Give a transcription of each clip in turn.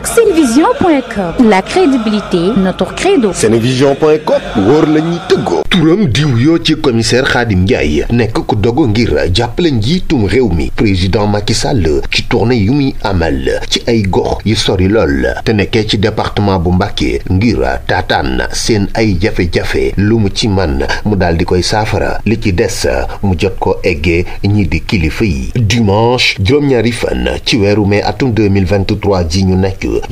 vaccinevision.com la crédibilité notre credo. senevision.com wóor la ñuy tëggoo. turam diw ci commissaire Khadim Ndiaye nekk ku dogo ngir jàppale njiitum réew président Macky Sall ci Yumi amal ci ay gox yu sori lool te nekkee ci département bu Mbacké ngir taataan seen ay jafe-jafe Lumu mu ci man mu daal di koy saafara li ci des mu jot ko ñi di kilifa yi dimanche juróom-ñaari fan ci atum 2023 di ñu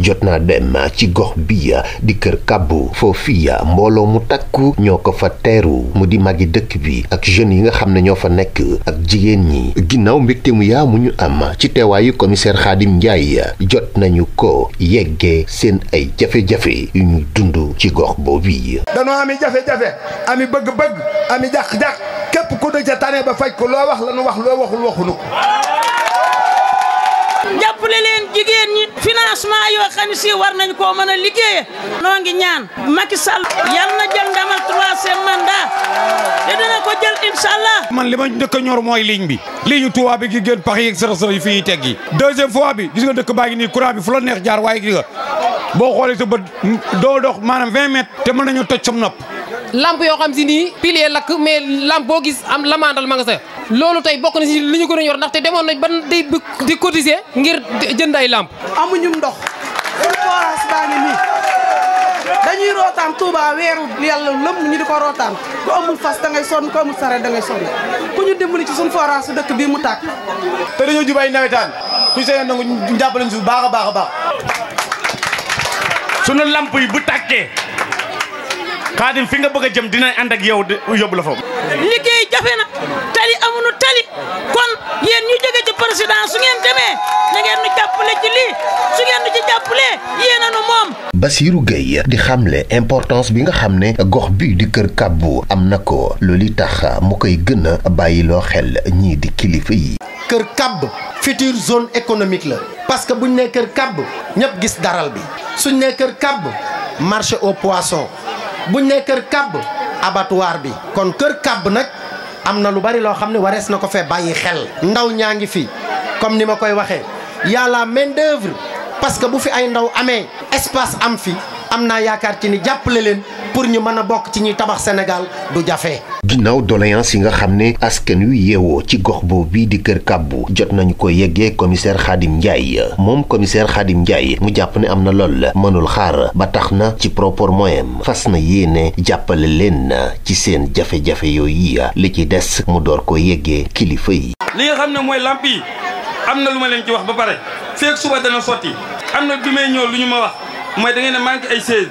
jot naa dem ci gox bi ya, di kër kabbu ya mbolo mu takku ñoko fa teeru mu di magi dëkk bi ak jeune yi nga xamne ño fa nek ak jigen ñi ginnaw mbégte mu yaa mu ñu am ci teewaayu commissaire Khadim Ndiaye ya, jot nañu ko yeggee seen ay jafé jafé yu ñu dundu ci gox bi dañu ami jafé jafé ami bëgg-bëgg ami jax jax kep ku do ca tane ba fajj ko lo wax lañu wax lo waxul waxunu jàppale leen financement yoo xam ne war nañ koo mën a liggéeye noo ngi ñaan Macky Sall yal na jël ndamal troisième mandat te dina ko jël incha allah man li ma njëkk a ñor mooy ligne bi ligne Touba bi gi gën pax yi sërë sërë yi fii teg yi deuxième fois bi gis nga dëkk baa ngi nii courant bi fu la neex jaar waaye gis nga boo xoolee sa bët doo dox maanaam 20 mètres te mën nañu toj sam nopp lamp yoo xam si nii pilier lakk mais lamp boo gis am lamandal ma nga sa lolu tay bokku na liñu li ñu gën a yor nañ ban di di cotiser ngir jënd ay amu ñum ndox forage baa ngi nii dañuy rotan Touba wéru yalla lëmm ñu rotan ko rootaan amul fas da ngay son ko amul sare da ngay son ku ñu dimbali ci sun forage dekk bi mu tak té dañu jubay ay ku sey na ñu si bu baaxa baaxa baax sunu lamp yi bu takké xaadim fi nga bëgg a jëm dinañ ànd ak yow yóbbu la foofu. liggéey jafe na tali amuñu tali kon yéen ñu jóge ci président su ngeen demee na jàppale ci lii su ngeen ñu jàppalee yéen nu moom. Bassirou Gueye di xamle importance bi nga xam ne gox bi di Kër Kàbbu am na ko loolu tax mu koy gën bàyyiloo xel ñii di kilifa yi. Kër Kàbb future zone économique la parce que buñ nee Kër Kàbb ñëpp gis daral bi suñ nee Kër Kàbb marché au poisson. buñ ne kër kàbb abatuwaar bi kon kër kàbb nag am na lu bari loo xam ne warees na ko fee bàyyi xel ndaw ñaa ngi fi comme ni ma koy waxee yàlla main d'œuvre parce que bu fi ay ndaw amee espace am fi am naa yaakaar ci ni jàppale leen pour ñu mën a bokk ci ñuy tabax Sénégal du jafe ginnaaw doléance yi nga xam ne askan wi yeewoo ci gox boobu bii di kër kàbbu jot nañu ko yeggee commissaire Khadim Ndiaye moom commissaire Khadim Ndiaye mu jàpp ne am na lool mënul xaar ba tax na ci propre moyen fas na yéene jàppale leen ci seen jafe-jafe yooyu li ci des mu door ko yeggee kilifa yi. li nga xam ne mooy lamp yi am na lu ma leen ci wax ba pare feek suba dana sotti am na bi may ñëw lu ñu ma wax. mooy da ngeen ne manqué ay chaise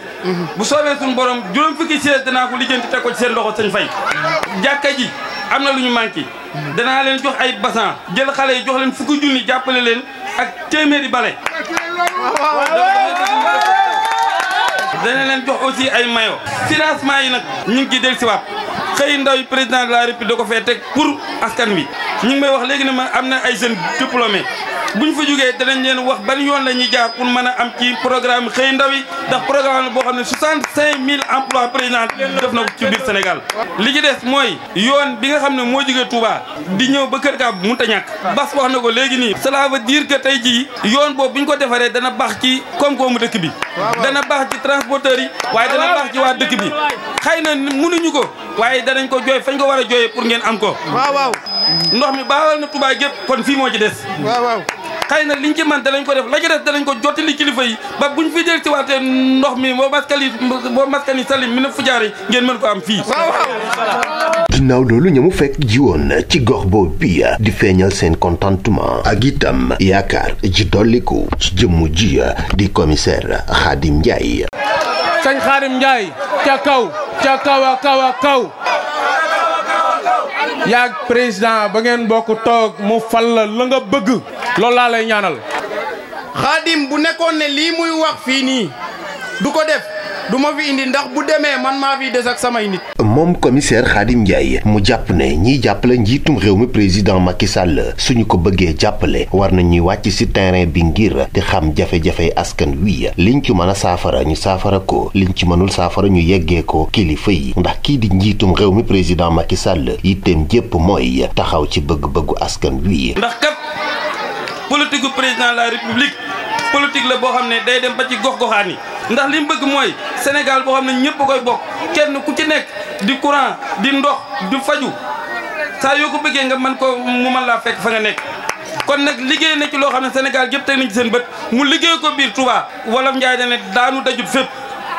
bu soobee suñu borom juróom fukki chaise danaa ko lijjanti teg ko ci seen loxo sëñ fay jàkka ji am na lu ñu manqué danaa leen jox ay basan jël xale yi jox leen fukki junni jàppale leen ak téeméeri bale dana leen jox aussi ay mayo financement yi nag ñu ngi ciy dellusiwaat xëy ndaw président de la république da ko fee teg pour askan wi ñu ngi may wax léegi ne ma am na ay jeunes diplômés buñ fa jógee danañ leen wax ban yoon la ñuy jaar pour mën a am ci programme xëy ndaw yi ndax programme boo xam ne 65000 emplois président def na ko ci biir Sénégal li ci des mooy yoon bi nga xam ne moo jógee Touba di ñëw ba Kër Gaab mënut a ñàkk bas wax na ko léegi nii cela veut dire que tey jii yoon boobu bu ñu ko defaree dana baax ci koom-koomu dëkk bi dana baax ci transporteurs yi waaye dana baax ci waa dëkk bi xëy na mënuñu ko waaye danañ ko jooy fañ ko war a jooyee pour ngeen am ko waaw waaw ndox mi baawal na Touba gépp kon fii moo ci des waaw waaw xëy liñ ci man danañ ko def la ci des danañ ko jotti li kilifa yi ba buñ fi jël ci waté ndox mi mo maskali mo maskani salim mi na fujaari ngeen mën ko am fi waaw lolu ñamu fekk jiwoon ci gox bo bi ya, di feñal seen contentement ak itam yaakar ci doliku ci jëm ji ya di commissaire Khadim Ndiaye sañ Khadim Ndiaye ca kaw ca kaw a kaw a kaw yaag président ba ngeen bokk toog mu fal la la nga bëgg loolu laa lay ñaanal. xaadim bu nekkoon ne lii muy wax fii nii du ko def du ma fi indi ndax bu demee man maa fi des ak samay nit. moom commissaire Khadim Ndiaye mu jàpp ne ñiy jàppale njiitum réew mi président Macky Sall suñu ko bëggee jàppale war na ñuy wàcc ci terrain bi ngir di xam jafe-jafe askan wi liñ ci mën a saafara ñu saafara ko liñ ci mënul saafara ñu yeggee ko kilifa yi ndax kii di njiitum réew mi président Macky Sall yitteem jépp mooy taxaw ci bëgg-bëggu askan wi. politique gu président de la république politique la boo xam ne day dem ba ci gox-goxaan yi ndax li mu bëgg mooy Sénégal boo xam ne ñëpp koy bokk kenn ku ci nekk di courant di ndox di faju saa yoo ko bëggee nga mën ko mu mën laa fekk fa nga nekk. kon nag liggéey na ci loo xam ne Sénégal gépp teg nañ ci seen bët mu liggéey ko biir Touba wala Ndiaye da ne daanu dajut fépp.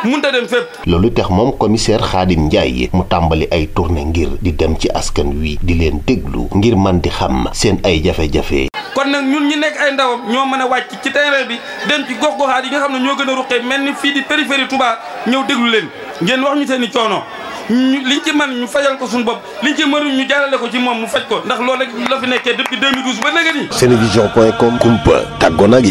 mënta dem fépp. loolu tax moom commissaire Khadim Ndiaye mu tàmbali ay tournée ngir di dem ci askan wi di leen déglu ngir man di xam seen ay jafe kon nag ñun ñi nekk ay ndawam ñoo mën a wàcc ci terrain bi dem ci gox goxaat yi nga xam ne ñoo gën a ruqee mel ni fii di périphérie Touba ñëw déglu leen ngeen wax ñu seen i coono liñ ci man ñu fajal ko suñu bopp liñ ci mënul ñu jaarale ko ci moom mu faj ko ndax loolu la fi nekkee depuis 2012 ba léegi nii. senevision.com kumpa tàggoo nag